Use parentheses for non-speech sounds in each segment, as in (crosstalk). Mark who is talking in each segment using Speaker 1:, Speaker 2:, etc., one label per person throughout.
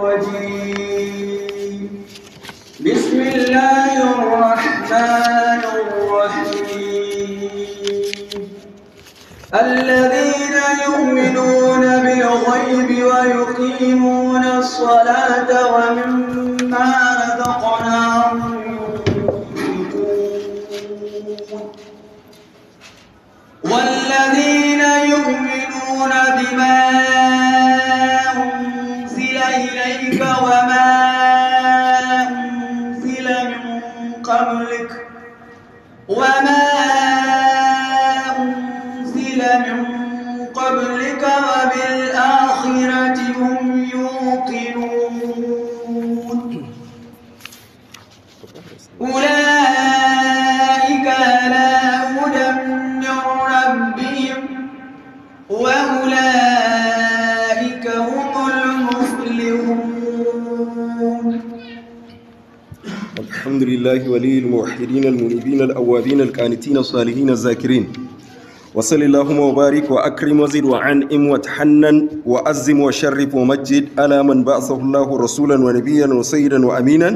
Speaker 1: الرجيم بسم الله الرحمن الرحيم الذين يؤمنون بالغيب ويقيمون الصلاة ومما
Speaker 2: الله ولي الموحدين المنيبين الأوابين القانتين الصالحين الذاكرين وصل اللهم وبارك وأكرم وزد وعنئم وتحنن وأزم وشرف ومجد على من بعثه الله رسولا ونبيا وسيدا وأمينا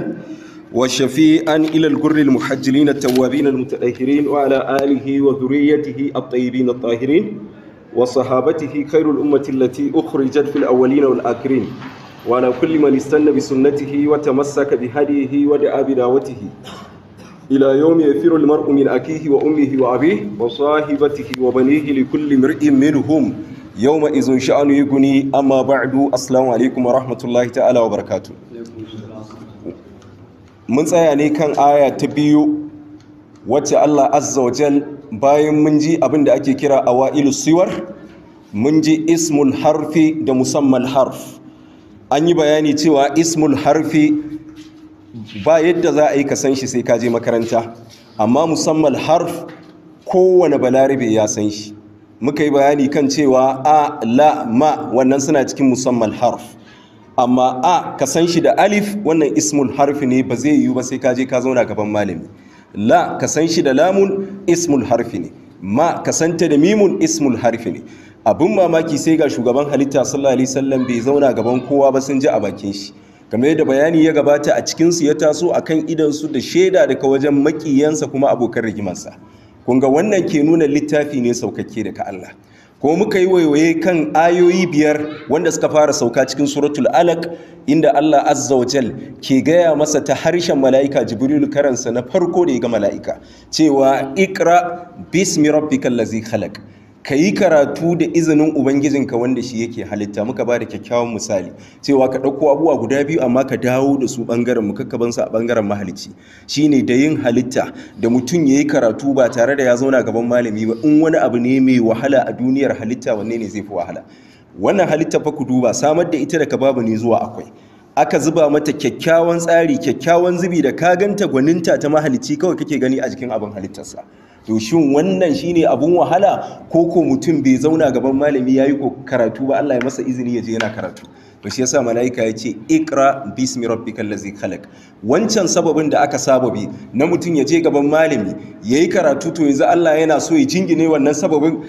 Speaker 2: وشفيئا إلى الجر المحجلين التوابين المتأهرين وعلى آله وذريته الطيبين الطاهرين وصحابته خير الأمة التي أخرجت في الأولين والآخرين وعلى كل من استنى بسنته وتمسك بهديه ودعا بدعوته إلى يوم يفر المرء من أكيه وأمه وأبيه وصاحبته وبنيه لكل امرئ منهم يوم إذن شأن يغني أما بعد السلام عليكم ورحمة الله تعالى وبركاته mun tsaya ne kan aya ta biyu wacce Allah azza wa jal bayan mun ji abin da ake kira awailu siwar mun ji ismul harfi da musamman harf an yi bayani cewa ismul harfi ba yadda za a yi ka san shi sai ka je makaranta amma musamman harf kowane balarabe ya san shi muka yi bayani kan cewa a la ma wannan suna cikin musamman harf amma a ka san shi da alif wannan ismul harfi ne ba zai yiwu ba sai ka je ka zauna gaban malami la ka san shi da lamun ismul harfi ne ma ka santa da mimun ismul harfi ne abin mamaki sai ga shugaban halitta sallallahu alaihi wasallam bai zauna gaban kowa ba sun ji a bakin shi kamar yadda bayani ya gabata a cikin su ya taso akan idan su da shaida daga wajen makiyansa kuma abokan rigimansa kun ga wannan ke nuna littafi ne saukakke daga Allah ko muka yi waiwaye kan ayoyi biyar wanda suka fara sauka cikin suratul alaq inda Allah azza wa jal ke gaya masa ta harshen mala'ika jibrilu karansa na farko da ya ga mala'ika cewa Iqra bismi rabbikal ladzi khalaq ka yi karatu da izinin ubangijinka wanda shi yake halitta muka ba da kyakkyawan misali cewa ka ɗauko abubuwa guda biyu amma ka dawo da su ɓangaren mukakkabansu a ɓangaren mahalicci shine da yin halitta da mutum ya yi karatu ba tare da ya zauna gaban malami ba in wani abu ne mai wahala a duniyar halitta wanne ne zai fi wahala wannan halitta fa ku duba samar da ita da ka babu ne zuwa akwai aka zuba mata kyakkyawan tsari kyakkyawan zubi da ka ganta gwaninta ta mahalicci kawai kake gani a jikin abin halittarsa to shin wannan shine abun wahala ko ko mutum bai zauna gaban malami ya yi karatu ba Allah ya masa izini ya je yana karatu to shi yasa malaika ya ce ikra bismi rabbikal ladzi khalaq wancan sababin da aka sababi na mutum ya je gaban malami yayi karatu to yanzu Allah yana so ya jingine wannan sababin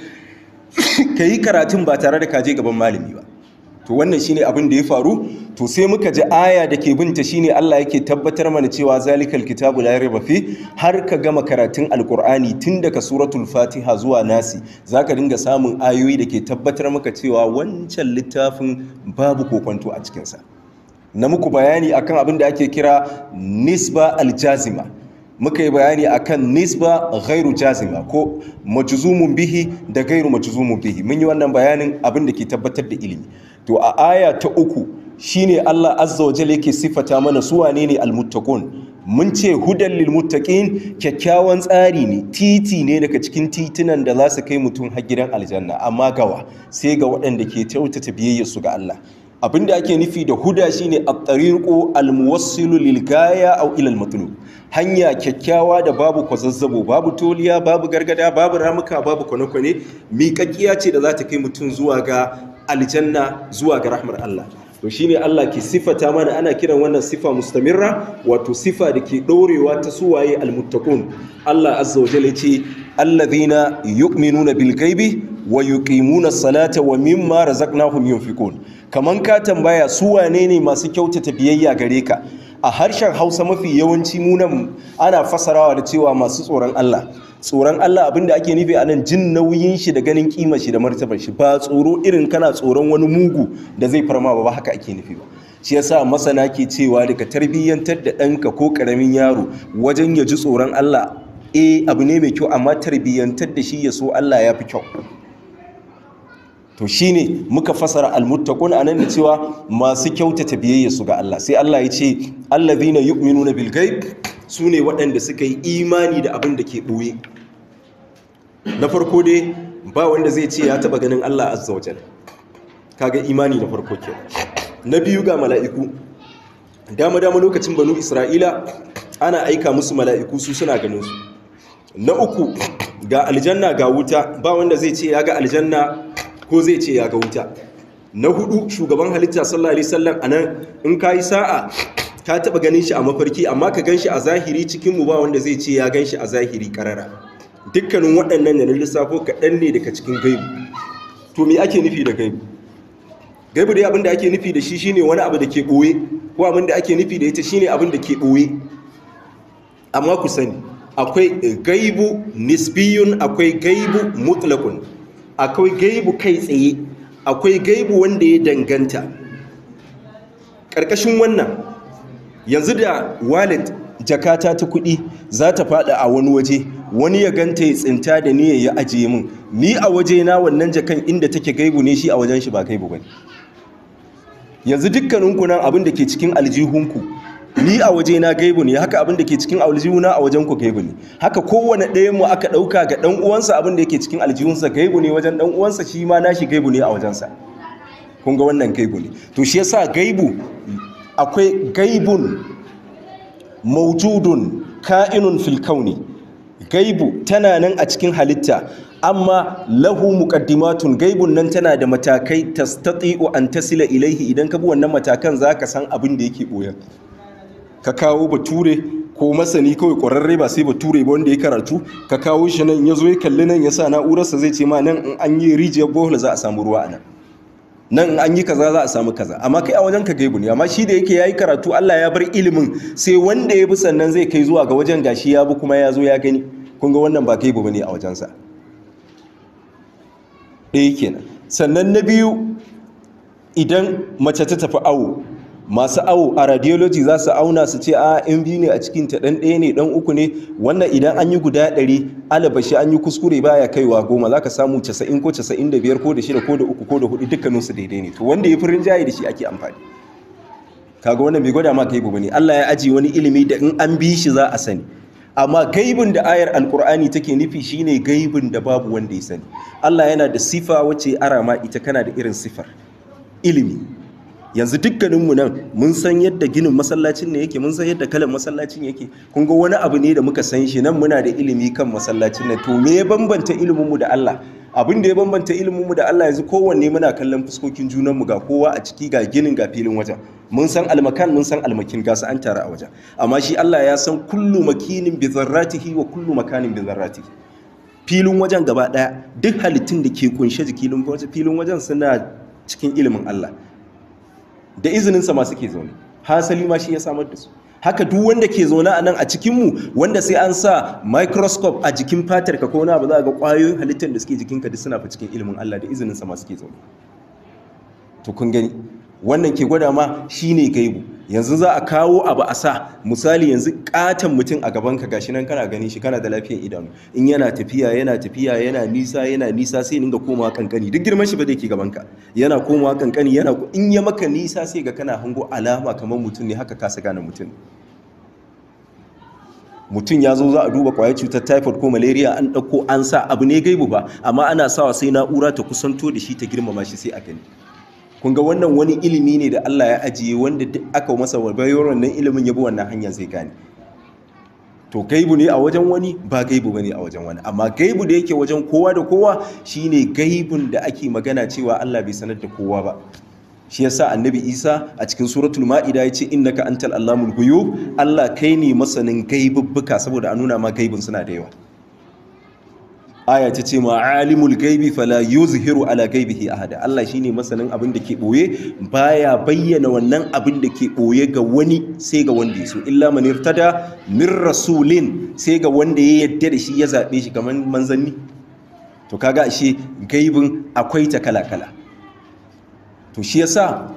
Speaker 2: (coughs) kayi karatun ba tare da ka je gaban malami ba to wannan shine abin da ya faru to sai muka ji aya da ke binta shine Allah yake tabbatar mana cewa zalikal kitabu la rayba fi har ka gama karatun alqur'ani tun daga suratul fatiha zuwa nasi zaka dinga samun ayoyi da ke tabbatar maka cewa wancan littafin babu kokonto a cikin sa na muku bayani akan abin da ake kira nisba aljazima muka yi bayani akan nisba gairu jazima ko majzumun bihi da gairu majzumun bihi mun yi wannan bayanin abin da ke tabbatar da ilimi to a aya ta uku shine Allah azza wa jalla yake sifata mana su wane ne almuttaqun mun ce hudan lil kyakkyawan tsari ne titi ne daga cikin titunan da za su kai mutum har gidan aljanna amma gawa sai ga waɗanda ke kyautata biyayyar su ga Allah abinda ake nufi da huda shine at-tariqu al-muwassilu lil gaya aw ila al hanya kyakkyawa da babu kwazazzabo babu toliya babu gargada babu ramuka babu kwane-kwane miƙaƙiya ce da za ta kai mutum zuwa ga aljanna zuwa ga rahmar Allah to ne Allah ke sifata mana ana kiran wannan sifa mustamirra wato sifa da ke ɗorewa ta suwaye almuttakun Allah azza wa jalla ce alladhina yu'minuna bil ghaibi wa yuqimuna salata wa mimma razaqnahum yunfikun kaman ka tambaya su wane ne masu kyautata biyayya gare ka a harshen hausa mafi yawanci munan ana fasarawa da cewa masu tsoron Allah tsoron Allah abinda ake nufi a nan jin nauyin shi da ganin kima shi da martabar shi ba tsoro irin kana tsoron wani mugu da zai farma ba haka ake nufi ba shi yasa masana ke cewa daga tarbiyyantar da ɗanka ko ƙaramin yaro wajen ya ji tsoron Allah eh abu ne mai kyau amma tarbiyyantar da shi ya so Allah ya fi kyau to shi ne muka fasara almuttaqun anan da cewa masu kyautata biyayya su ga Allah sai Allah ya ce allazina yu'minuna bil ghaib ne waɗanda suka yi imani da abin da ke ɓoye. na farko dai ba wanda zai ce ya taɓa ganin Allah azza wajal kaga imani na farko ke na biyu ga mala'iku dama dama lokacin banu isra'ila ana aika musu mala'iku su suna ganin su na uku ga aljanna ga wuta ba wanda zai ce ya ga aljanna ko zai ce ya ga wuta na hudu shugaban halitta sallallahu alaihi wasallam anan in kayi sa'a ka taba ganin shi a mafarki amma ka ganshi a zahiri cikin mu ba wanda zai ce ya ganshi a zahiri karara dukkanin waɗannan yana lissafo kaɗan ne daga cikin gaibu to me ake nufi da gaibu gaibu dai abin da ake nufi da shi shine wani abu da ke ɓoye ko abin da ake nufi da ita shine abin da ke ɓoye amma ku sani akwai gaibu nisbiyun akwai gaibu mutlaqun akwai gaibu kai tsaye akwai gaibu wanda ya danganta ƙarƙashin wannan yanzu da walid jakata ta kuɗi za ta faɗa a wani waje wani ya ganta ya tsinta da niyan ya ajiye min ni a waje na wannan jakan inda take gaibu ne shi a wajen shi ba gaibu ba yanzu dukkaninku nan abin da ke cikin aljihunku ni a waje na gaibu ne haka abin da ke cikin aljihuna a wajen ku gaibu ne haka kowane ɗaya mu aka ɗauka ga ɗan uwansa abin da ke cikin aljihunsa gaibu ne wajen ɗan uwansa shi ma nashi gaibu ne a wajensa kun ga wannan gaibu ne to shi yasa gaibu akwai gaibun maujudun ka'inun fil kauni gaibu tana nan a cikin halitta amma lahu muqaddimatun gaibun nan tana da matakai tastati'u an tasila ilaihi idan ka bi wannan matakan zaka san abin da yake boye ka kawo bature ko masani kawai ƙwararre ba sai bature ba wanda ya karatu ka kawo shi nan ya zo ya kalli nan ya sa na'urarsa zai ce ma nan in an yi rijiyar bohol za a samu ruwa a nan nan in an yi kaza za a samu kaza amma kai a wajen ka gaibu ne amma shi da yake yayi karatu Allah ya bar ilimin sai wanda ya bi sannan zai kai zuwa ga wajen gashi ya bi kuma ya zo ya gani kun ga wannan ba gaibu bane a wajensa ɗaya kenan sannan na biyu idan mace ta tafi awo masu awo a radiology za su auna su ce a ah, in biyu ne a cikin ta dan ɗaya ne dan uku ne wannan idan an yi guda ɗari alabashi an yi kuskure baya kaiwa goma za ka samu casa'in ko casa'in da biyar ko da shida ko da uku ko da hudu su daidai ne to wanda ya fi rinjaye da shi ake amfani kaga wannan bai gwada ma gaibu bane Allah ya aji wani ilimi da in an bi shi za a sani amma gaibin da ayar alkur'ani take nufi shine gaibin da babu wanda ya sani Allah yana da sifa wacce arama ita kana da irin sifar ilimi yanzu dukkaninmu nan mun san yadda ginin masallacin ne yake mun san yadda kalan masallacin yake kun ga wani abu ne da muka san shi nan muna da ilimi kan masallacin nan to me ya bambanta iliminmu da Allah abin da ya bambanta iliminmu da Allah yanzu kowanne muna kallon fuskokin junanmu ga kowa a ciki ga ginin ga filin wajen mun san almakan mun san almakin gasa an tara a wajen amma shi Allah ya san kullu makinin bi zarratihi wa kullu makanin bi zarratihi filin wajen gaba daya duk halittun da ke kunshe jikin filin wajen suna cikin ilimin Allah da izininsa ma suke zaune hasali ma shi ya samar da su haka duk wanda ke zaune a nan a cikinmu wanda sai an sa microscope a jikin fatar ka kona ba za a ga ƙwayoyin halittar da suke jikinka duk suna fi cikin ilimin Allah da izininsa ma suke zaune to kun gani wannan ke gwada ma shine gaibu yanzu za a kawo abu a sa misali yanzu katon mutum a gaban ka gashi nan kana ganin shi kana da lafiyar idanu in yana tafiya yana tafiya yana nisa yana nisa sai ninga komawa kankani duk girman shi ba zai ke gaban ka yana komawa kankani yana in ya maka nisa sai ga kana hango alama kamar mutum ne haka kasa gane mutum mutum ya zo za a duba kwayar cutar typhoid ko malaria an ɗauko an sa abu ne gaibu ba amma ana sawa sai na'ura ta kusanto da shi ta girmama shi sai a gani Kunga wannan wani ilimi ne da Allah ya ajiye wanda duk aka masa bayar wannan ilimin ya bi wannan hanyar zai gane to gaibu ne a wajen wani ba gaibu bane a wajen wani amma gaibu da yake wajen kowa da kowa shine gaibun da ake magana cewa Allah bai sanar da kowa ba shi yasa annabi Isa a cikin suratul maida yace innaka antal allamul ghuyub Allah kai ne masanin gaibubbuka saboda a nuna ma gaibun suna da yawa aya ta ce ma'alimul gaibi fala yuzhiru ala gaibihi ahada Allah shine masanin abin da ke boye baya bayyana wannan abin da ke boye ga wani sai ga wanda ya so illa man irtada min rasulin sai ga wanda ya yadda da shi ya zabe shi kaman manzanni to kaga ashe gaibin akwai ta kala kala to shi yasa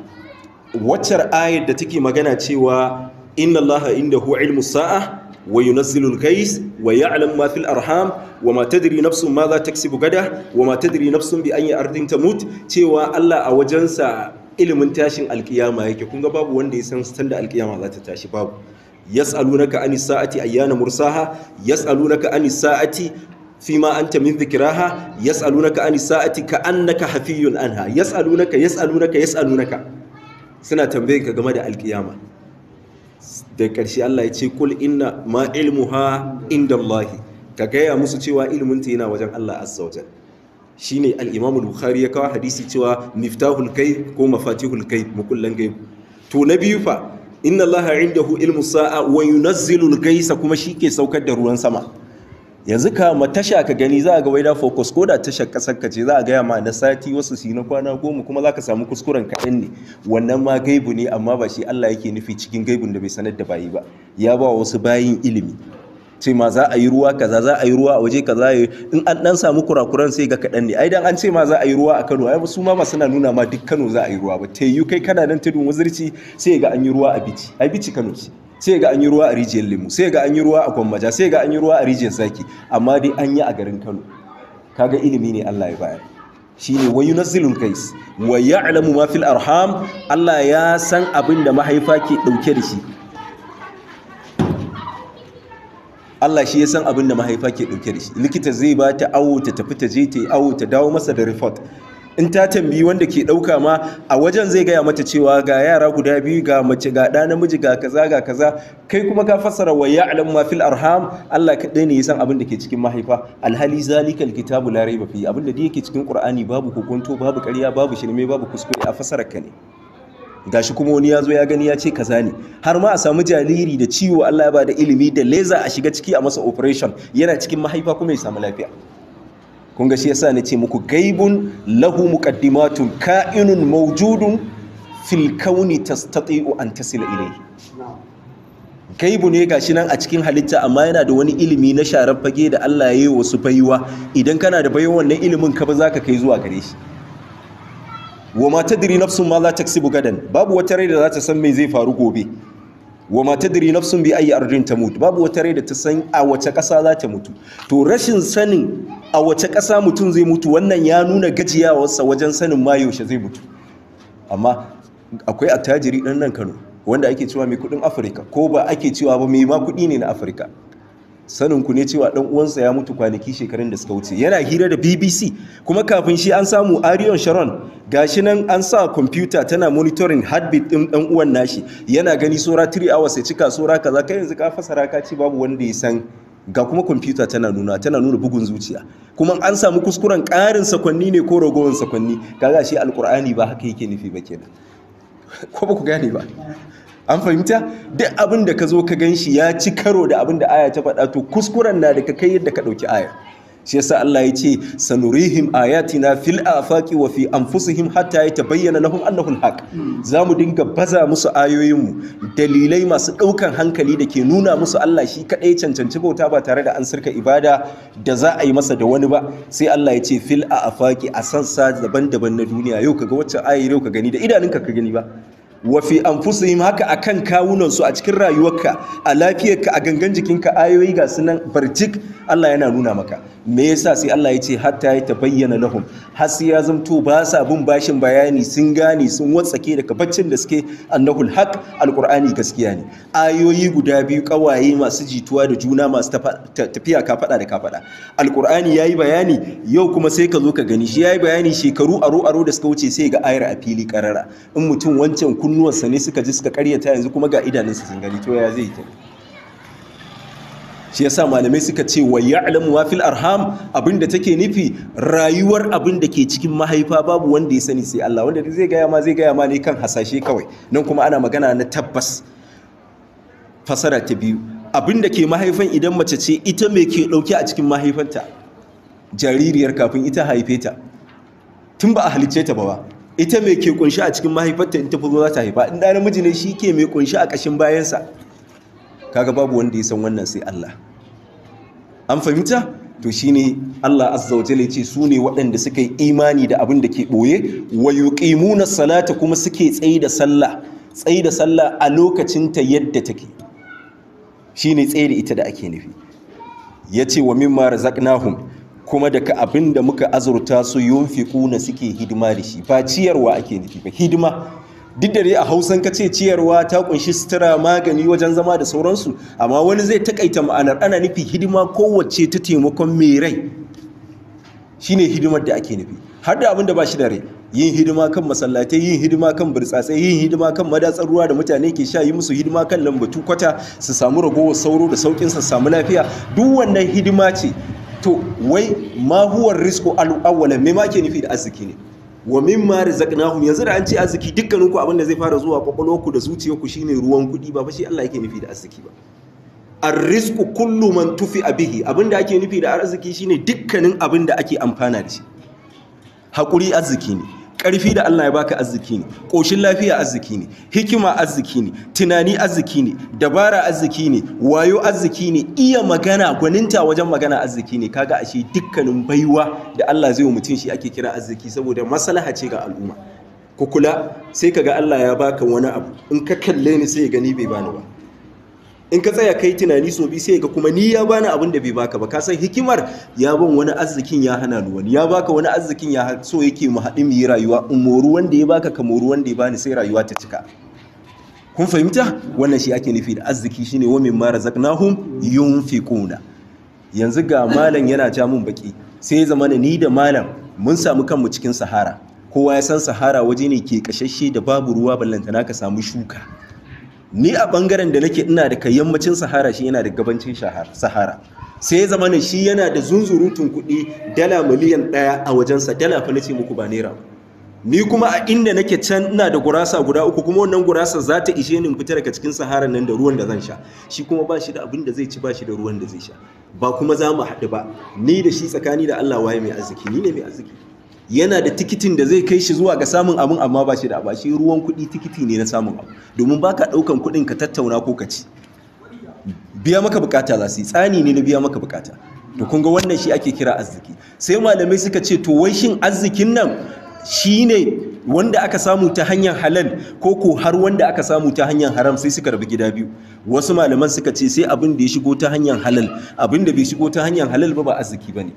Speaker 2: waccar ayar da take magana cewa inna allaha indahu ilmus sa'a wa yunazzilul gais wa ya'lam ma fil arham wa ma tadri nafsun ma za taksibu gada wa ma tadri nafsun bi anyi ardin tamut cewa Allah a wajensa ilimin tashin alkiyama yake kun ga babu wanda ya san sanda alkiyama za ta tashi babu yas'alunaka anis sa'ati ayyana mursaha yas'alunaka anis sa'ati fima anta min dhikraha yas'alunaka anis sa'ati ka'annaka hafiyun anha yas'alunaka yas'alunaka yas'alunaka suna tambayin ka game da alkiyama da ƙarshe Allah ya ce kul inna ma ilmu ha inda Allah ka gaya musu cewa ilminta yana wajen Allah azza wajen shine al al’imamu bukhari ya kawo hadisi cewa Nifta hulkai ko mafati kai mukullan gai to na biyu fa inna Allah hu ilmu sa'a wa yunazzilul gaisa kuma shi ke saukar da ruwan sama yanzu ka ma tasha ka gani za a ga waida focus ko da tasha kasar ka ce za a gaya ma na sati wasu shi na kwana goma kuma za ka samu kuskuren kaɗan ne wannan ma gaibu ne amma ba shi Allah yake nufi cikin gaibun da bai sanar da bayi ba ya ba wasu bayin ilimi ce ma za a yi ruwa kaza za a yi ruwa a waje kaza yi in an dan samu kurakuran sai ga kaɗan ne ai dan an ce ma za a yi ruwa a Kano ai su ma ba suna nuna ma duk Kano za a yi ruwa ba te yi kai kana nan tudun wazirci sai ga an yi ruwa a bici ai bici Kano ce sai ga an yi ruwa a rijiyar lemu sai ga an yi ruwa a gwammaja sai ga an yi ruwa a rijiyar zaki amma dai an yi a garin kano kaga ilimi ne allah ya bayar ne wayu na kais kai waya alamu mafil arham allah ya san abin da mahaifa ke dauke da shi Allah shi ya san abin da mahaifa ke dauke da shi likita zai ba ta awo ta tafi ta je ta yi awo ta dawo masa da report in ta tambayi wanda ke ɗauka ma a wajen zai gaya mata cewa ga yara guda biyu ga mace ga ɗa namiji ga kaza ga kaza kai kuma ka fassara wa ya'lam ma fil arham Allah kaɗai ne ya san abin da ke cikin mahaifa alhali zalikal kitabu la raiba fi abin da yake cikin qur'ani babu kokonto babu ƙarya babu shirme babu kuskure a fassara ka ne gashi kuma wani ya zo ya gani ya ce kaza ne har ma a samu jariri da ciwo Allah ya ba da ilimi da leza a shiga ciki a masa operation yana cikin mahaifa kuma ya samu lafiya kun ga shi yasa ce muku gaibun lahu muqaddimatun ka'inun mawjudun fil kauni tastati'u an tasila ilayhi gaibu ne gashi nan a cikin halitta amma yana da wani ilimi na sharar fage da Allah ya yi wasu baiwa idan kana da baiwa wannan ilimin ka ba za ka kai zuwa gare shi wa ma tadri nafsun ma za taksibu gadan babu wata rai da za ta san me zai faru gobe wa ma tadri nafsun bi ayi ardin tamut babu wata rai da ta san a wace kasa za ta mutu to rashin sanin a wace ƙasa mutum zai mutu wannan ya nuna gajiyawarsa wajen sanin ma yaushe zai mutu amma akwai attajiri ɗan nan kano wanda ake cewa mai kuɗin afirka ko ba ake cewa ba mai ma kuɗi ne na afirka sanin ku ne cewa ɗan uwansa ya mutu kwanaki shekarun da suka wuce yana hira da bbc kuma kafin shi an samu arion sharon gashi nan an sa kwamfuta tana monitoring heartbeat ɗin ɗan uwan nashi yana gani sora 3 hours ya cika sora kaza ka yanzu ka fasara ka ci babu wanda ya san ga kuma kwamfuta tana nuna tana nuna bugun zuciya kuma an samu kuskuren ƙarin sakonni ne ko ragowar sakonni kaga shi alkur'ani ba haka yake nufi ba kenan ko ba ku gane ba an fahimta duk abin da ka zo ka gan shi ya ci karo da abin da aya ta faɗa to kuskuren na da ka kai yadda ka ɗauki aya shi yasa Allah ya ce sanurihim ayatina fil afaqi wa fi anfusihim hatta yatabayyana lahum annahu alhaq zamu dinga baza musu ayoyin mu dalilai masu daukan hankali da ke nuna musu Allah shi kadai cancanci bauta ba tare da an sirka ibada da za a yi masa da wani ba sai Allah ya ce fil afaqi a sansa daban-daban na duniya yau kaga wacce ayi yau ka gani da idanunka ka gani ba wa fi yi haka a kan kawunansu a cikin rayuwarka a lafiyarka a gangan jikinka ayoyi ga sunan barjik Allah yana nuna maka me yasa sai Allah ya ce hatta ya tabayyana lahum har sai ya zamto ba sa bin bashin bayani sun gane sun watsake daga baccin da suke annahul haq alqur'ani gaskiya ne ayoyi guda biyu kawaye masu jituwa da juna masu tafiya ka fada da ka fada alqur'ani yayi bayani yau kuma sai ka zo ka gani shi yayi bayani shekaru aro aro da suka wuce sai ga ayar a fili karara in mutum wancan kunnuwansa ne suka ji suka karyata yanzu kuma ga idanunsa sun gani to ya zai yi shi yasa malamai suka ce wa ya'lamu wa fil arham abinda take nufi rayuwar abinda ke cikin mahaifa babu wanda ya sani sai Allah wanda zai gaya ma zai gaya ma ne kan hasashe kawai nan kuma ana magana na tabbas fasara ta biyu abinda ke mahaifan idan mace ce ita mai ke dauke a cikin mahaifanta jaririyar kafin ita haife ta tun ba a halicce ta ba ba ita mai ke kunshi a cikin mahaifarta in ta zuwa za ta haifa in da namiji ne shi ke mai kunshi a ƙashin bayansa kaga babu wanda ya san wannan sai Allah an fahimta to shi ne Allah azza wa jale ce su ne waɗanda suka yi imani da abin da ke ɓoye wa yuqimuna salata kuma suke tsayi da sallah tsayi da sallah a lokacin ta yadda take ne tsayi da ita da ake nufi ya ce wa mimma razaqnahum kuma daga abin da muka azurta su ƙuna suke hidima da shi ba ciyarwa ake nufi ba hidima duk da a hausan ka ce ciyarwa ta kunshi sutura magani wajen zama da sauransu amma wani zai takaita ma'anar ana nufi hidima kowace ta taimakon mai rai ne hidimar da ake nufi har da abin da ba shi da rai yin hidima kan masallatai yin hidima kan burtsatsai yin hidima kan madatsar ruwa da mutane ke sha yi musu hidima kan lambatu kwata su samu ragowar sauro da saukin su samu lafiya duk wannan hidima ce to wai ma huwa risko al’awwala mai me ma ke nufi da arziki ne wa min na hun yanzu da an ce arziki dukkaninku abinda zai fara zuwa kwakwalwarku da zuciyarku shine ruwan kudi ba Ba shi Allah yake nufi da arziki ba risko kullum man tufi a bihi abinda ake nufi da arziki shine dukkanin abinda ake amfana da shi hakuri arziki ne ƙarfi da Allah ya baka arziki ne ƙoshin lafiya arziki ne hikima arziki ne tunani arziki ne dabara arziki ne wayo arziki ne iya magana gwaninta wajen magana arziki ne kaga ashe dukkanin baiwa da Allah zai mutum shi ake kira arziki saboda maslaha ce ga al'umma ku kula sai kaga Allah ya baka wani abu in ka kalle ni sai ya gani bai bani ba in ka tsaya kai tunani so bi sai ka kuma ni ya bani abin da bai baka ba ka san hikimar ya ban wani arzikin ya hana ni wani ya baka wani arzikin ya so yake mu haɗu mu yi rayuwa in moru wanda ya baka ka moru wanda ya bani sai rayuwa ta cika kun fahimta wannan shi ake nufi da arziki shine wa min ma yunfiquna yanzu ga malam yana ja mun baki sai zamana ni da malam mun samu kanmu cikin sahara kowa ya san sahara waje ne ke kashashe da babu ruwa ballantana ka samu shuka ni a bangaren da nake ina da yammacin sahara shi yana da gabancin sahara sai zama ne shi yana da zunzurutun kuɗi dala miliyan ɗaya a wajensa dala fa nace muku ba naira ni kuma a inda nake can ina da gurasa guda uku kuma wannan gurasa za ta ishe ni fita daga cikin sahara nan da ruwan da zan sha shi kuma ba shi da abin da zai ci ba shi da ruwan da zai sha ba kuma za mu haɗu ba ni da shi tsakani da Allah waye mai arziki ni ne mai arziki yana da tikitin da zai kai shi zuwa ga samun abin amma ba shi da ba shi ruwan kuɗi tikiti ne na samun abu domin ba ka ɗaukan kuɗin ka tattauna ko ka ci biya maka bukata za su yi tsani ne na biya maka bukata to kun ga wannan shi ake kira arziki sai malamai suka ce to wai shin arzikin nan shi ne wanda aka samu ta hanyar halal ko ko har wanda aka samu ta hanyar haram sai suka rabu gida biyu wasu malaman suka ce sai abin da ya shigo ta hanyar halal abin da bai shigo ta hanyar halal ba ba arziki ba ne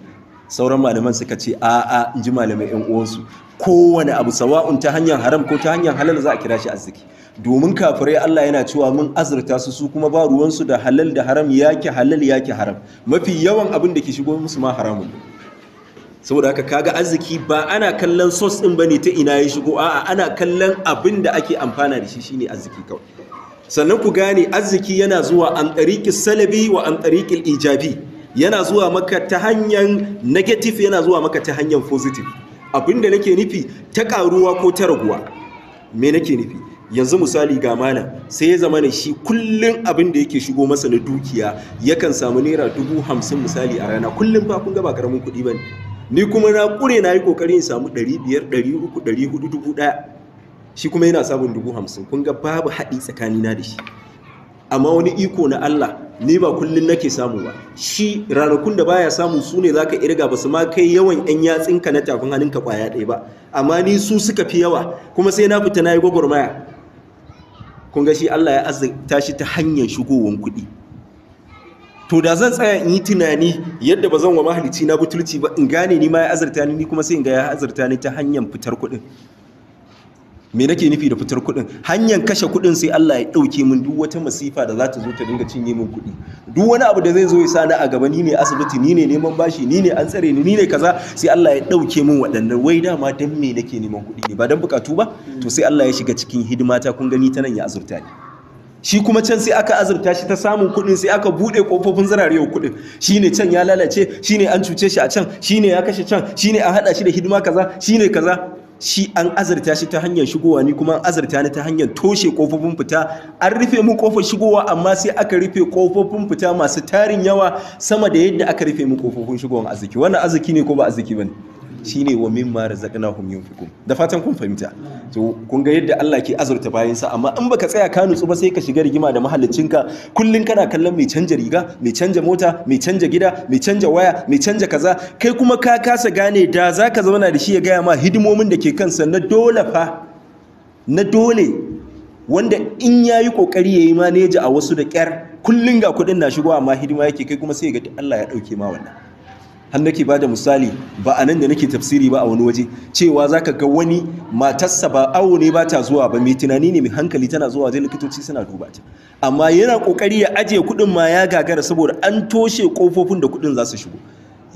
Speaker 2: sauran malaman suka ce a a ji malamai yan uwansu kowane abu sawa'un ta hanyar haram ko ta hanyar halal za a kira shi arziki domin kafirai Allah yana cewa mun azurta su su kuma ba ruwansu da halal da haram yake halal yake haram mafi yawan abin da ke shigo musu ma haramun saboda haka kaga arziki ba ana kallon sos din bane ta ina ya shigo a'a ana kallon abin da ake amfana da shi shine arziki kawai sannan ku gane arziki yana zuwa an tariqi salabi wa an tariqi ijabi yana zuwa maka ta hanyar negative yana zuwa maka ta hanyar positive abinda nake nufi ta karuwa ko ta raguwa me nake nufi yanzu misali ga malam sai ya zama shi kullum abinda yake shigo masa na dukiya yakan samu naira dubu hamsin misali a rana kullum fa kun gaba ba karamin kuɗi ba ni kuma na ƙure na yi ƙoƙari in samu ɗari biyar ɗari uku ɗari hudu dubu ɗaya shi kuma yana samun dubu hamsin kun ga babu haɗi tsakanina da shi amma wani iko na Allah ni ba kullun nake samu ba shi ranakun da baya samu su ne zaka irga su ma kai yawan yan yatsinka na tafin hannunka kwaya ɗaya ba amma ni su suka fi yawa kuma sai na fita na yi gwagwarmaya kun ga shi Allah ya azurta shi ta hanyar shigowar kuɗi to da zan tsaya in yi tunani yadda ba zan wa mahalici na butulci ba in gane ni ma ya azarta ni kuma sai in ga ya ni ta hanyar fitar kuɗin me nake nufi da fitar kuɗin hanyar kashe kuɗin sai Allah ya ɗauke min duk wata masifa da za ta zo ta dinga cinye min kuɗi duk wani abu da zai zo ya sa na a gaba ni ne asibiti ni ne neman bashi ni ne an tsare ni ni ne kaza sai Allah ya ɗauke min waɗannan wai dama dan me nake neman kuɗi ne ba dan bukatu ba to sai Allah ya shiga cikin hidima ta kun gani ta nan ya azurta ni shi kuma can sai aka azurta shi ta samun kuɗin sai aka buɗe ƙofofin zirarewar kuɗin shi ne can ya lalace shi ne an cuce shi a can shi ne ya kashe can shi ne an haɗa shi da hidima kaza shi ne kaza shi an azarta shi ta hanyar shigowa ni kuma an azarta ni ta hanyar toshe kofofin fita an rufe mu kofar shigowa amma sai aka rufe kofofin fita masu tarin yawa sama da yadda aka rufe mu kofofin shigowar arziki wannan arziki ne ko ba arziki bane shine wa mimma razaqnahum yunfiqun da fatan kun fahimta to kun ga yadda Allah ke azurta bayan sa amma in baka tsaya ka nutsu ba sai ka shiga rigima da mahallicinka kullun kana kallon mai canja riga mai canja mota mai canja gida mai canja waya mai canja kaza kai kuma ka kasa gane da zaka zauna da shi ya gaya ma hidimomin da ke kansa na dole fa na dole wanda in yayi kokari yayi ji a wasu da kyar Kullum ga kudin na shigo amma hidima yake kai kuma sai ga Allah ya dauke ma wannan har nake bada misali ba a nan da nake tafsiri ba a wani waje cewa zaka ga wani matarsa ba awo ne ba ta zuwa ba mai tunani ne mai hankali tana zuwa wajen likitoci suna duba ta amma yana kokari ya aje kuɗin ma ya gagara saboda an toshe kofofin da kuɗin za su shigo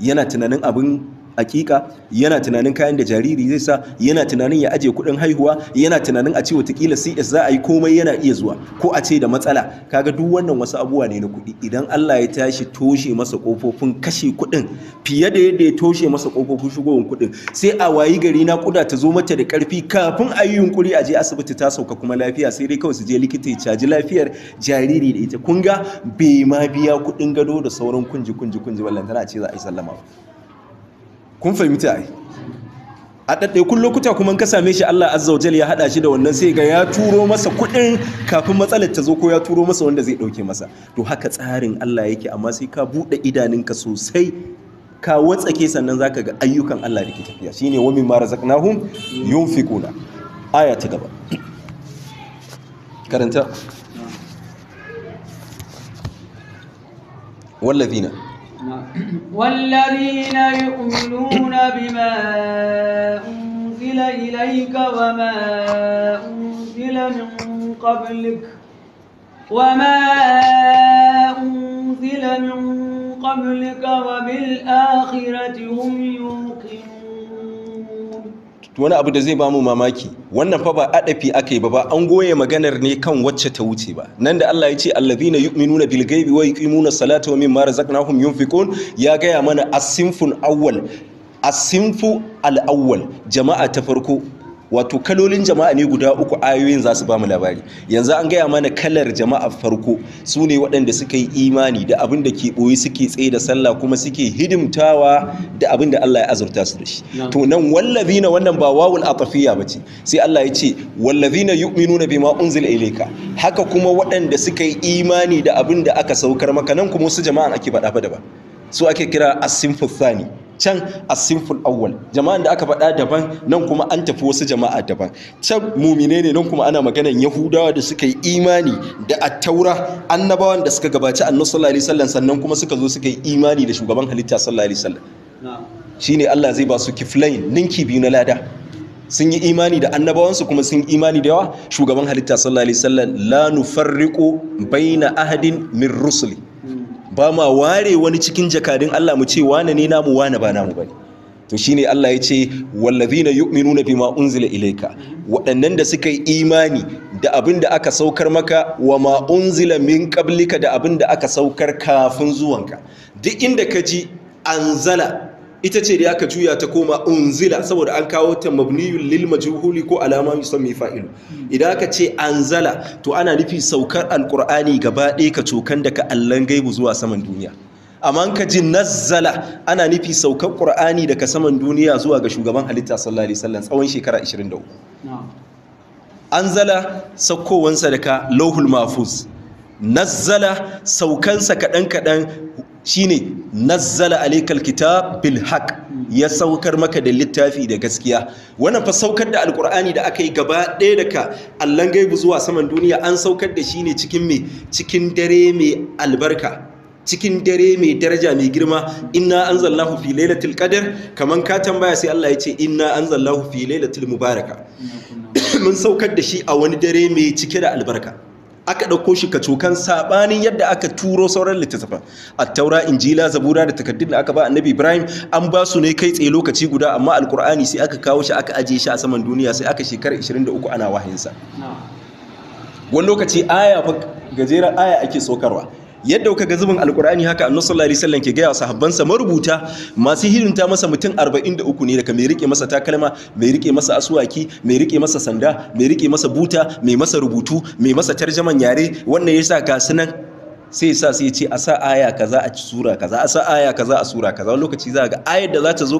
Speaker 2: yana tunanin abin hakika yana tunanin kayan da jariri zai sa yana tunanin ya aje kudin haihuwa yana tunanin a ce watakila cs za a yi komai yana iya zuwa ko a ce da matsala kaga duk wannan wasu abubuwa ne na kuɗi idan allah ya tashi toshe masa kofofin kashe kuɗin fiye da yadda ya toshe masa kofofin shigowar kuɗin sai a wayi gari na kuda ta zo mata da ƙarfi kafin a yi yunkuri a je asibiti ta sauka kuma lafiya sai dai kawai su je likita ya caji lafiyar jariri da ita kun ga bai ma biya kuɗin gado da sauran kunji kunji kunji wallan a ce za a yi sallama kun fahimta ai a ɗaɗɗaikun lokuta kuma ka same shi Allah azza wa ya haɗa shi da wannan sai ga ya turo masa kuɗin kafin matsalar ta zo ko ya turo masa wanda zai ɗauke masa to haka tsarin Allah yake amma sai ka buɗe idanunka sosai ka watsake sannan zaka ga ayyukan Allah da ke tafiya shine wa mimma razaqnahum yunfiquna aya ta gaba karanta wallazina
Speaker 1: نعم. والذين يؤمنون بما أنزل إليك وما أنزل من قبلك وما أنزل من قبلك وبالآخرة هم يوقنون
Speaker 2: to wani abu da zai ba mu mamaki wannan fa ba adafi yi ba ba an goye maganar ne kan wacce ta wuce ba nan da Allah ya ce allazina yu'minuna bil ghaibi wa yuqimuna salata wa mimma razaqnahum yunfiqun ya gaya mana as-sinful awwal as-sinfu al-awwal jama'a ta farko wato kalolin jama'a ne guda uku ayoyin za su ba mu labari yanzu an gaya mana kalar jama'a farko su ne waɗanda suka yi imani da abin da ke ɓoye suke tsaye da sallah kuma suke hidimtawa da abin da Allah ya azurta su da shi to nan wallazina wannan ba wawul atafiya bace sai Allah ya ce wallazina yu'minuna bima unzila ilayka haka kuma waɗanda suka yi imani da abin da aka saukar maka nan kuma su jama'an ake faɗa ba da ba su ake kira as-sinfu thani can a sinful awwal jama'an da aka faɗa daban nan kuma an tafi wasu jama'a daban can mumine ne nan kuma ana maganan yahudawa da suka yi imani da attaura annabawan da suka gabaci annabi sallallahu alaihi wasallam sannan kuma suka zo suka yi imani da shugaban halitta sallallahu alaihi
Speaker 1: wasallam
Speaker 2: shine Allah zai ba su kiflain ninki biyu na lada sun yi imani da annabawansu kuma sun yi imani da yawa shugaban halitta sallallahu alaihi wasallam la nufarriqu baina ahadin min rusuli ba ma ware wani cikin jakadun Allah mu ce wane ne namu wane ba namu bane to shine Allah ya ce wallazina yu'minuna bima unzila ilayka waɗannan da suka yi imani da abin da aka saukar maka wa ma unzila min qablika da abin da aka saukar kafin zuwanka duk inda ka ji anzala ita ce da aka juya ta koma unzila saboda an kawo ta mabniyul lil majhuli ko alama yusammi fa'ilu idan ka ce anzala to ana nufi saukar alqur'ani gaba ɗaya ka cokan daga allan gaibu zuwa saman duniya amma ka ji nazzala ana nufi saukar qur'ani daga saman duniya zuwa ga shugaban halitta sallallahu alaihi wasallam tsawon shekara 23 anzala saukowansa daga lauhul mahfuz nazzala saukansa kaɗan-kaɗan shine nazzala alaikal kitab bil ya saukar maka da littafi da gaskiya wannan fa saukar da alkur'ani da aka yi gaba ɗaya daga allan gaibu zuwa saman duniya an saukar da shi ne cikin me cikin dare mai albarka cikin dare mai daraja mai girma inna anzalnahu fi lailatul qadr kaman ka tambaya sai Allah ya ce inna anzalnahu fi lailatul mubaraka (coughs) mun saukar da shi a wani dare mai cike da albarka aka ɗauko shi ka cokan saɓanin yadda aka turo sauran littattafan taura, injila zabura da takardun da aka ba annabi ibrahim an ba su ne kai tsaye lokaci guda amma alkur'ani sai aka kawo shi aka ajiye shi a saman duniya sai aka shekarar 23 ana wahayinsa wani lokaci aya gajeren aya ake sokarwa yadda kuka ga zubin alkur'ani haka annabi sallallahu alaihi wasallam ke gaya sahabbansa marubuta masu hirinta masa mutum 43 ne daga mai rike masa takalma mai rike masa asuwaki mai rike masa sanda mai rike masa buta mai masa rubutu mai masa tarjaman yare wannan yasa ga sunan sai sa sai ce a sa aya kaza a sura kaza a sa aya kaza a sura kaza lokaci za ga ayar da za ta zo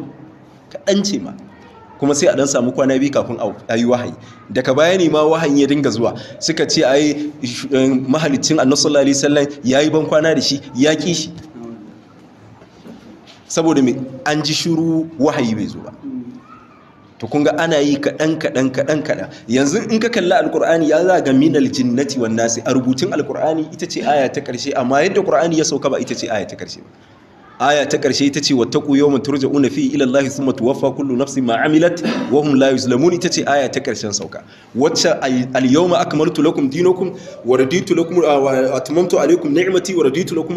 Speaker 2: kaɗan ce ma kuma sai a dan samu kwana biyu kafin a yi wahayi daga baya ne ma wahayi ya dinga zuwa suka ce yi eh, mahalicin annabi sallallahu alaihi ya yayi ban kwana da shi ya ki shi saboda me an ji shiru wahayi bai zo ba to kun ga ana yi kaɗan kaɗan kaɗan kaɗan yanzu in ka kalli Alƙur'ani ya za ga minal jinnati wan nasi a rubutun Alƙur'ani ita ce aya ta ƙarshe amma yadda ƙur'ani ya sauka ba ita ce aya ta ƙarshe ba aya ta ƙarshe ta ce wata wattaku yawman una fi ila Allah thumma tuwaffa kullu nafsi ma amilat wa hum la yuzlamun ita ce aya ta ƙarshen sauka wacce al-yawma akmaltu lakum dinakum wa raditu lakum wa atmamtu alaykum ni'mati wa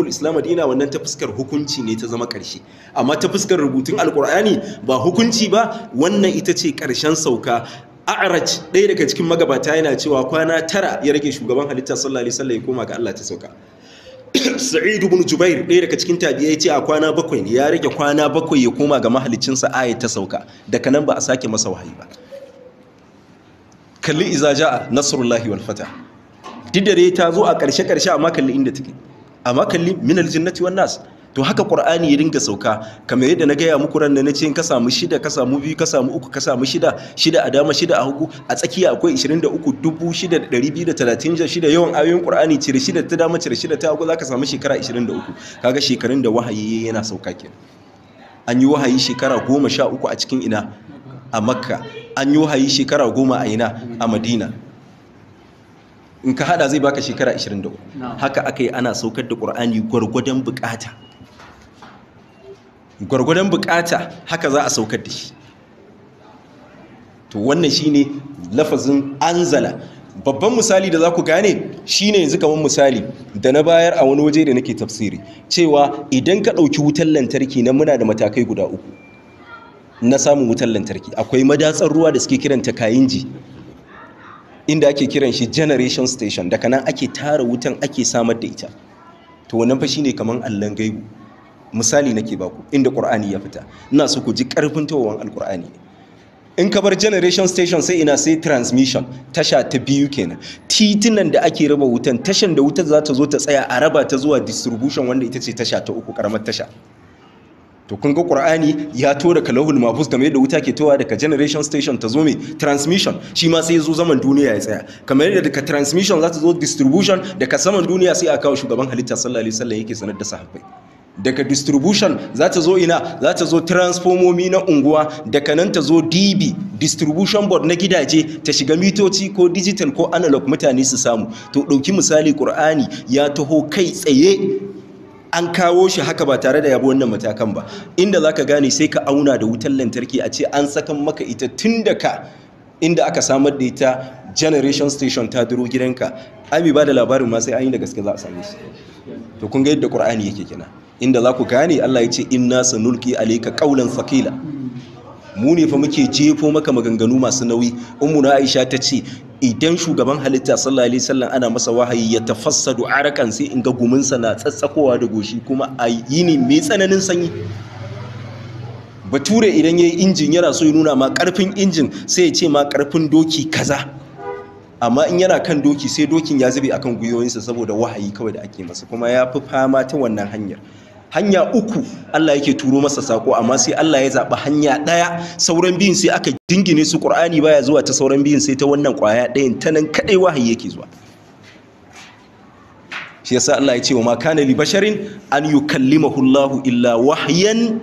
Speaker 2: islam dina wannan ta fuskar hukunci ne ta zama ƙarshe amma ta fuskar rubutun alƙur'ani ba hukunci ba wannan ita ce ƙarshen sauka a'raj ɗaya daga cikin magabata yana cewa kwana tara ya rage shugaban halitta sallallahu alaihi wasallam ya koma ga Allah ta sauka (coughs) Sa'idu bin Jubair ɗaya daga cikin tabi'ai ce a kwana bakwai ya rage kwana bakwai ya koma ga mahaliccinsa ayat ta sauka daga nan ba a sake masa wahayi ba kalli iza ja'a nasrullahi wal fata didare ta zo a ƙarshe ƙarshe a makalli inda take a makalli min aljinnati wan nas to haka qur'ani ya dinga sauka kamar yadda na gaya muku ran na ce in ka samu shida ka samu biyu ka samu uku ka samu shida shida a dama shida a hagu a tsakiya akwai 23,636 yawan ayoyin qur'ani cire shida ta dama cire shida ta hagu zaka samu shekara 23 kaga shekarun da wahayi yana sauka ke an yi wahayi shekara 13 a cikin ina a makka an yi wahayi shekara 10 a ina a madina in ka hada zai baka shekara 23 haka aka yi ana saukar da qur'ani gwargwadon bukata gwargwadon bukata haka za a saukar da shi to wannan shine lafazin anzala babban misali da za ku gane shine yanzu kamar misali da na bayar a wani waje da nake tafsiri cewa idan ka ɗauki wutar lantarki na muna da matakai guda uku na samun wutar lantarki akwai madatsar ruwa da suke kiranta kayinji inda ake kiran shi generation station daga nan ake tara wutan ake samar da ita to wannan fa shine kaman allon gaibu misali nake baku inda ƙur'ani ya fita ina so ku ji karfin tawon alqur'ani in ka bar generation station sai ina sai transmission tasha ta biyu kenan titunan da ake raba wutan tashan da wuta za ta zo ta tsaya a raba ta zuwa distribution wanda ita ce tasha ta uku karamar tasha to kun ga qur'ani ya to daga kalahul mafus game yadda wuta ke towa daga generation station ta zo mai transmission shi ma sai ya zo zaman duniya ya tsaya kamar yadda daga transmission za ta zo distribution daga saman duniya sai a kawo shugaban halitta sallallahu alaihi wasallam yake sanar da sahabbai daga distribution za ta zo ina za ta zo transformomi na unguwa daga nan ta zo db distribution board na gidaje ta shiga mitoci ko digital ko analog mutane su samu to ɗauki misali ƙur'ani ya taho kai tsaye an kawo shi haka ba tare da yabo wannan matakan ba inda za ka gane sai ka auna da wutar lantarki a ce an sakan maka ita tun da inda aka samar da ita generation station ta duro gidanka ami ba da labarin ma sai an yi da gaske za a same shi to kun ga yadda ƙur'ani yake kina inda za ku gane Allah ya ce in inna sanulki alayka qawlan thaqila mu ne fa muke jefo maka maganganu masu nauyi ummu na Aisha ta ce idan shugaban halitta sallallahu alaihi wasallam ana masa wahayi ya tafassadu arakan sai in ga guminsa na tsatsakowa da goshi kuma a ne mai tsananin sanyi bature idan yayi injin yana so ya nuna ma karfin injin sai ya ce ma karfin doki kaza amma in yana kan doki sai dokin ya zube akan gwiwoyinsa saboda wahayi kawai da ake masa kuma ya fi fama ta wannan hanyar hanya uku Allah yake turo masa sako amma sai Allah ya zaɓi hanya ɗaya sauran biyun sai aka dingine su ƙur'ani baya zuwa ta sauran biyun sai ta wannan ƙwaya ɗayan ta nan kaɗai wahayi yake zuwa shi yasa Allah ya ce wa ma kana li basharin an yukallimahu Allahu illa wahyan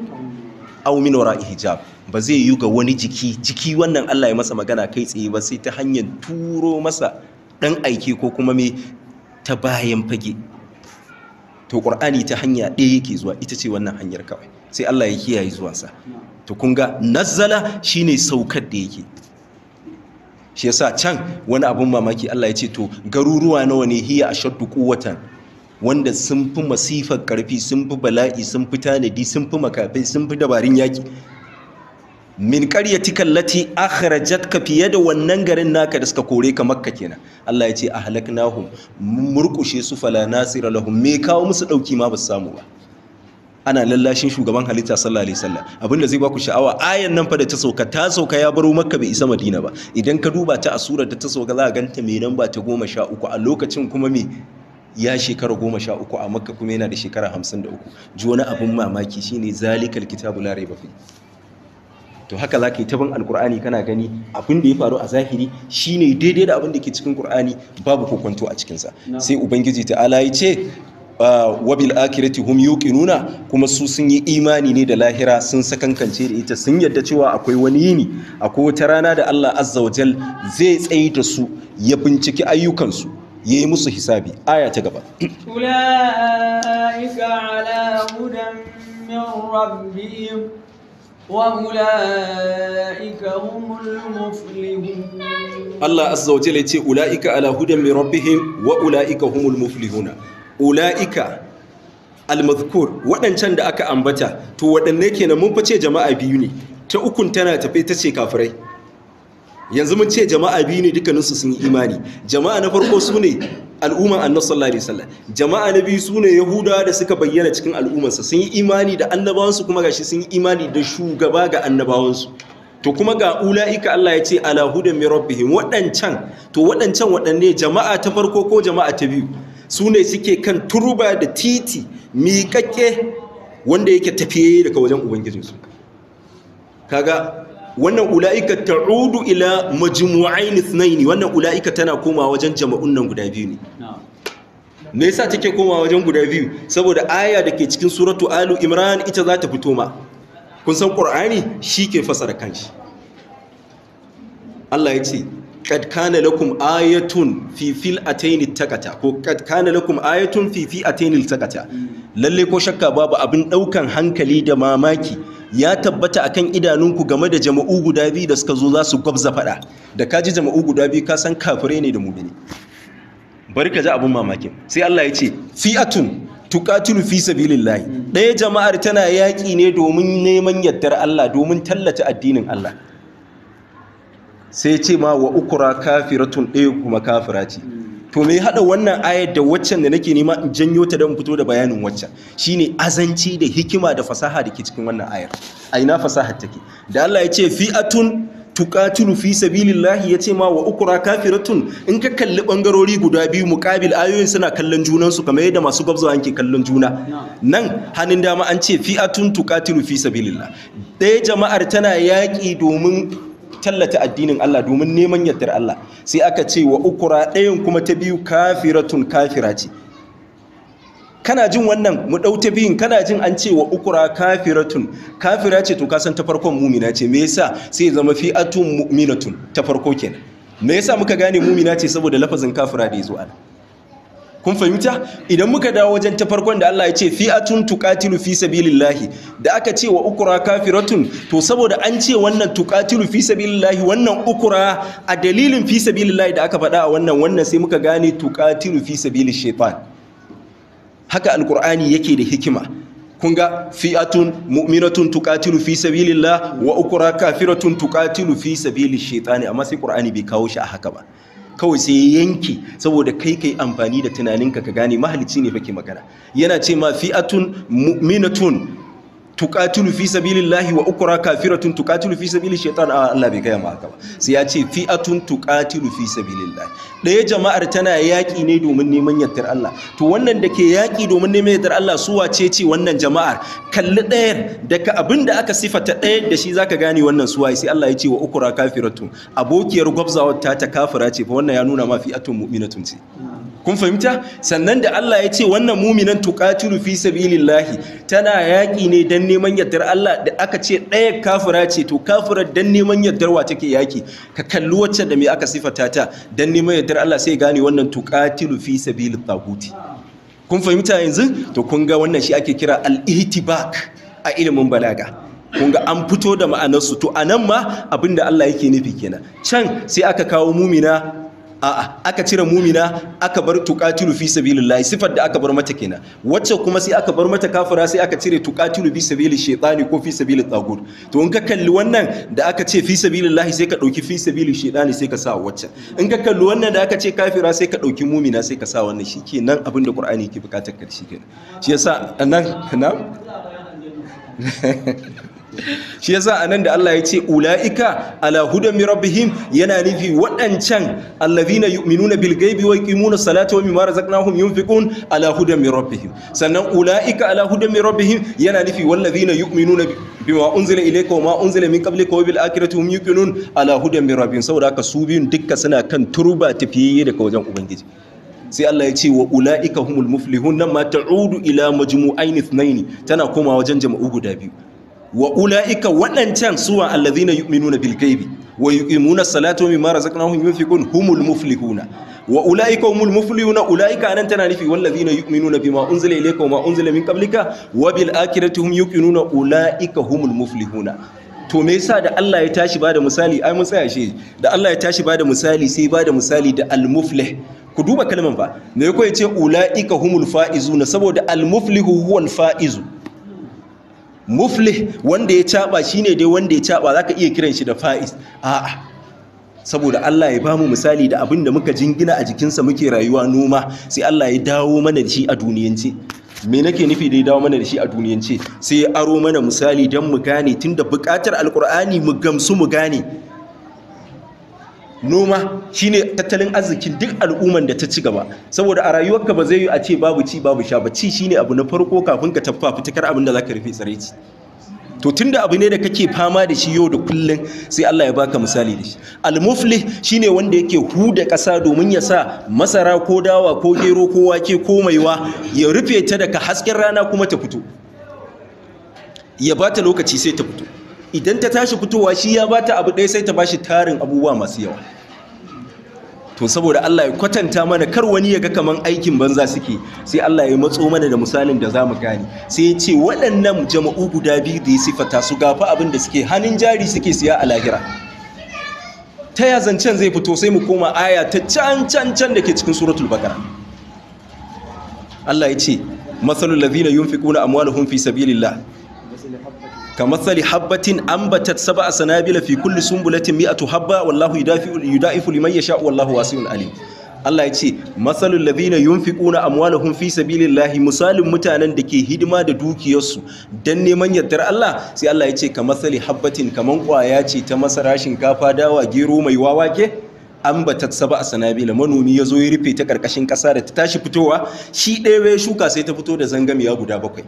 Speaker 2: aw min wara'i hijab ba zai yi ga wani jiki jiki wannan Allah ya masa magana kai tsaye ba sai ta hanyar turo masa dan aike ko kuma me ta bayan fage to qur'ani ta hanya ɗaya yake zuwa ita ce wannan hanyar kawai sai Allah ya kiyaye zuwansa to kun ga nazzala shine saukar da yake shi yasa can wani abin mamaki Allah ya ce to garuruwa nawa ne hiya shaddu watan wanda sun fi masifar karfi sun fi bala'i sun fi tanadi sun fi makafai sun fi dabarun yaki min qaryatika allati akhrajatka fiye da wannan garin naka da suka kore ka makka kenan Allah ya ce ahlaknahum murkushe su fala nasira lahum me kawo musu dauki ma ba su samu ba ana lallashin shugaban halitta sallallahu alaihi wasallam abinda zai baku sha'awa ayan nan fa da ta sauka ta sauka ya baro makka bai isa madina ba idan ka duba ta a surar da ta sauka za ka ganta mai namba ta 13 a lokacin kuma me ya shekara goma sha uku a makka kuma yana da shekara hamsin da ji wani abin mamaki shine zalikal kitabu la raiba fi to haka za ka yi ta alkur'ani kana gani abin da ya faru a zahiri shi ne daidai da abin da ke cikin Kur'ani babu kokonto a cikinsa sai ubangiji ta'ala ya ce wabil akirati hum yuqinuna kuma su sun yi imani ne da lahira sun sakankance da ita sun yadda cewa akwai wani yini akwai wata rana da Allah azza wa jal zai tsaye da su ya binciki ayyukansu ya yi musu hisabi aya ta gaba
Speaker 1: ulaika ala hudan min rabbihim
Speaker 2: allah azza wa jalla yace وجل ala hudan wa rabbihim wa ula'ika humul muflihuna المفلحون أولئك almazkur waɗancan da aka ambata to waɗanne kenan mun fice jama'a biyu ne ta ukun tana tafe ta ce kafirai yanzu mun ce jama'a biyu ne dukkaninsu sun imani jama'a na farko su ne al'umman annabi sallallahu alaihi wasallam jama'a nabi sune yahudawa da suka bayyana cikin al'ummarsa sun yi imani da annabawansu kuma gashi sun yi imani da shugaba ga annabawansu to kuma ga ula'ika Allah ya ce ala hudan min rabbihim waɗancan to waɗancan waɗanne jama'a ta farko ko jama'a ta biyu su ne suke kan turba da titi miƙaƙe wanda yake tafiye daga wajen ubangijinsu kaga wannan ula'ika ta Udu ila majmu'ain ne wannan ula'ika tana koma wajen jama'un nan guda biyu ne me yasa take koma wajen guda biyu saboda aya da ke cikin suratu alu imran ita za ta fito ma kun san qur'ani shi ke fasara kanshi Allah ya ce lakum ayatun fifil a takata ko qad kana lakum ayatun fifi a ataini takata hmm. lallai ko shakka babu abin ɗaukan hankali da mamaki ya tabbata a kan idanunku game da jama'u guda biyu da suka zo za su gwabza fada da kaji jama'u guda biyu ka san kafirai ne da mu mumini bari ka ji abin mamakin sai Allah ya ce fi'atun tuqatilu fi sabilillahi ɗaya jama'ar tana yaƙi ne domin neman yardar Allah domin tallata addinin Allah sai ce ma wa ukura kafiratun ɗaya kuma kafira ce to me hada wannan ayar da waccan da nake nema in janyo ta don fito da bayanin waccan shine azanci da hikima da fasaha da ke cikin wannan ayar a ina fasahar take da Allah ya ce fi'atun tuqatilu fi sabilillahi yace ma wa ukra kafiratun in ka kalli bangarori guda biyu muqabil ayoyin suna kallon junan su kamar yadda masu gabzawa ke kallon juna nan hannun dama an ce fi'atun tuqatilu fi sabilillah ɗaya jama'ar tana yaki domin tallata addinin Allah domin neman yaddar Allah sai aka ce wa ukura ɗayan kuma ta biyu kafiratun kafira ce kana jin wannan mu ɗau ta biyun kana jin an ce wa ukura kafiratun kafira ce to kasan ta farkon mumina ce me yasa sai zama atun mu'minatun ta farko kenan me yasa muka gane mumina ce saboda lafazin kafira da ya zo ana kun fahimta idan muka dawo wajen ta farkon da Allah ya ce fi'atun tuqatilu fi sabilillahi da aka ce wa ukura kafiratun to saboda an ce wannan tuqatilu fi sabilillahi wannan ukura a dalilin fi sabilillahi da aka faɗa a wannan wannan sai muka gane tuqatilu fi sabilish shaitan haka alqur'ani yake da hikima Kun ga fi'atun mu'minatun tuqatilu fi sabilillah wa ukura kafiratun tuqatilu fi sabilish shaitani amma sai qur'ani bai kawo shi a haka ba kawai sai ya yanke saboda kai kai amfani da tunaninka ka gane mahalicci ne fake magana yana ce ma fi'atun mu'minatun tukatulu fi sabilillahi wa ukra kafiratun tukatulu fi sabili shaitan a Allah bai kaya maka ba sai ya ce fi'atun tukatulu fi sabilillahi daya jama'ar tana yaki ne domin neman yantar Allah to wannan da ke yaki domin neman yantar Allah su wace ce wannan jama'ar kalli ɗaya daga abinda aka sifata ɗaya da shi zaka gane wannan su. sai Allah ya ce wa ukra kafiratun abokiyar gwabzawar ta ta kafira ce fa wannan ya nuna ma fi'atun mu'minatun ce kun fahimta sannan da Allah ya ce wannan muminan tuqatilu fi sabilillahi tana yaƙi ne dan neman yardar Allah da aka ce ɗaya kafura ce to kafura dan neman yardar wa take yaki ka kalli wacce da me aka sifata ta dan neman yardar Allah sai gane wannan tuqatilu fi sabilil taguti kun fahimta yanzu to kun ga wannan shi ake kira al-ihtibak a ilimin balaga ga an fito da ma'anarsu to a nan ma abinda Allah yake nufi kenan can sai aka kawo mumina a'a aka cire mumina aka bar tuqatilu fi sabilillah sifar da aka bar mata kenan wacce kuma sai aka bar mata kafira sai aka cire tuqatilu fi sabilil shaytani ko fi sabilil tagut to in ka kalli wannan da aka ce fi sabilillah sai ka dauki fi sabilil shaytani sai ka sa wacce in ka kalli wannan da aka ce kafira sai ka dauki mumina sai ka sa wannan shikenan abin da qur'ani ke bukatar karshe kenan shi yasa nan nan
Speaker 1: (laughs)
Speaker 2: shi yasa anan da Allah ya ce ulaika ala hudan min rabbihim yana nufi waɗancan allazina yu'minuna bil ghaibi wa yuqimuna salata wa mimma razaqnahum yunfiqun ala hudan min rabbihim sannan ulaika ala hudan min rabbihim yana nufi wallazina yu'minuna bima unzila ilayka wa ma unzila min qablika wa bil akhirati hum yuqinun ala hudan min rabbihim saboda haka su biyun dukka suna kan turba tafiye daga wajen ubangiji sai Allah ya ce wa ulaika humul muflihun nan ma ta'udu ila majmu'ain ithnaini tana komawa wajen jama'u guda biyu wa ula'ika waɗancan suwa allazina yu'minuna bil ghaibi wa yuqimuna salata wa mimma razaqnahum yunfiqun humul muflihuna wa ulaika humul muflihuna ulaika anan tana nufi wallazina yu'minuna bima unzila ilayka wa ma unzila min qablika wa bil akhirati hum yuqinuna ulaika humul muflihuna to me yasa da Allah ya tashi bada misali ai mun tsaya shi da Allah ya tashi bada misali sai bada misali da al muflih ku duba kalman fa me yake ce ulaika humul faizuna saboda al muflihu huwal faizu muflih wanda ya caba ne dai wanda ya caba za ka iya kiran shi da faiz a'a saboda Allah ya bamu misali da abin da muka jingina a jikinsa muke rayuwa noma sai Allah ya dawo mana da shi a duniyance me nake nufi da ya dawo mana da shi a duniyance sai ya aro mana misali don mu gane tunda bukatar alkur'ani mu gamsu mu gane noma shine tattalin arzikin duk al'umman da ta ci gaba saboda a rayuwarka ba zai yi a ce babu ci babu sha ba ci ne abu na farko kafin ka tafi fitakar abin da za ka rufe tsare ci. to tun da abu ne da kake fama da shi yau da kullum sai Allah ya baka misali da shi al-muflih ne wanda yake huda ƙasa domin ya sa masara ko dawa ko gero ko wake ko maiwa ya rufe ta daga hasken rana kuma ta fito ya ba ta lokaci sai ta fito idan ta tashi fitowa shi ya bata abu ɗaya sai ta bashi tarin abubuwa masu yawa to saboda Allah ya kwatanta mana kar wani ya ga kaman aikin banza suke sai Allah ya matso mana da misalin da zamu gane sai ya ce waɗannan jama'u guda biyu da ya sifata su gafa abin da suke hannun jari suke siya a lahira ta ya zancen zai fito sai mu koma aya ta can can can da ke cikin suratul bakara Allah ya ce masalul ladina yunfiquna amwaluhum fi sabilillah kamathali habbatin ambatat sab'a sanabila fi kulli sumbulatin mi'atu habba wallahu yudafi'u yuda'ifu liman sha'u wallahu wasi'un alim Allah ya ce matsalin labina yun fi ƙuna hun fi sabilin lahi misalin mutanen da ke hidima da dukiyarsu don neman yardar Allah sai Allah ya ce ka matsali habbatin kamar ƙwaya ce ta masara shinkafa dawa gero mai ke? an ba ta saba a sanabila manomi ya zo ya rufe ta ƙarƙashin ƙasa da ta tashi fitowa shi ɗaya ya shuka sai ta fito da zangamiya guda bakwai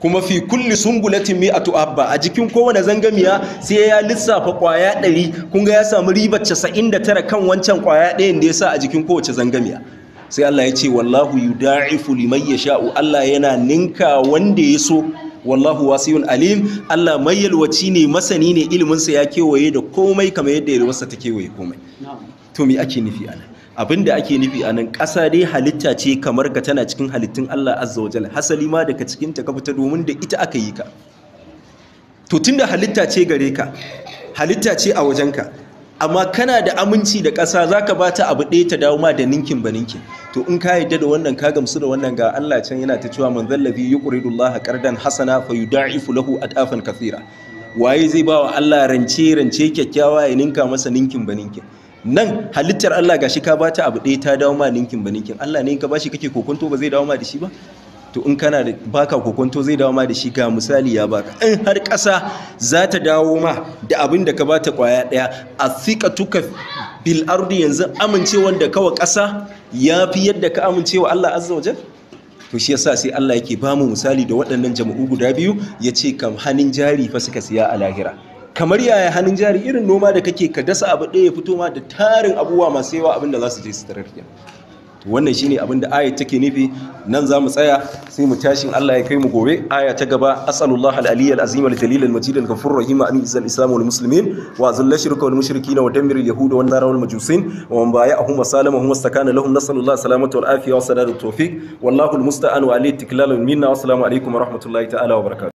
Speaker 2: kuma fi kulli sumbulatin mi'atu abba a jikin kowane zangamiya sai ya lissafa kwaya ɗari. Kunga ya samu ribar 99 kan wancan kwaya ɗayan da ya sa a jikin kowace zangamiya sai Allah ya ce wallahu yuda'ifu liman yasha'u Allah yana ninka wanda ya so wallahu wasiyun alim Allah mai yalwaci ne masani ne iliminsa ya kewaye da komai kamar yadda ya yalwarsa ta kewaye komai to me ake nufi anan abin da ake nufi a nan ƙasa dai halitta ce kamar ka tana cikin halittun Allah azza wajal hasali ma daga cikin ta ka fita domin da ita aka yi ka to tunda halitta ce gare ka halitta ce a wajen ka, amma kana da aminci da ƙasa za ka ba ta abu ɗaya ta dawo ma da ninkin ba ninkin to in ka yadda da wannan ka gamsu da wannan ga Allah can yana ta cewa man zallabi Allah qardan hasana fa yudaifu lahu adafan kathira waye zai ba wa Allah rance rance kyakkyawa ya ninka masa ninkin ba ninkin nan halittar Allah gashi ka bata abu ɗaya ta dawo ma ninkin ba ninkin Allah ne ka ka bashi kake kokonto ba zai dawo ma da shi ba to in kana da baka kokonto zai dawo ma da shi ga misali ya baka in har ƙasa za ta dawo ma da abin da ka ta kwaya ɗaya a fika tuka bil ardi yanzu amincewa da kawa ƙasa ya fi yadda ka amincewa Allah azza wa to shi yasa sai Allah yake ba mu misali da waɗannan jama'u guda biyu ya ce kam hannun jari fa suka siya a lahira kamar yaya hannun jari irin noma da kake ka dasa abu ɗaya ya fito ma da tarin abubuwa masu yawa abinda za su je su tarar kenan wannan shine abin da ayat take nufi nan za mu tsaya sai mu tashin Allah ya kai mu gobe aya ta gaba asalullah al-aliy al-azim al-jalil al-majid al-ghafur rahim an izal islam wal muslimin wa azalla shirka wal mushrikin wa damir al-yahud wa nar wal majusin wa man bay'ahum wa salamahum wa sakana lahum nasallallahu salamata wal afiya wa sadada tawfiq wallahu al-musta'an wa alayhi tiklalu minna wa assalamu alaykum wa rahmatullahi ta'ala wa barakatuh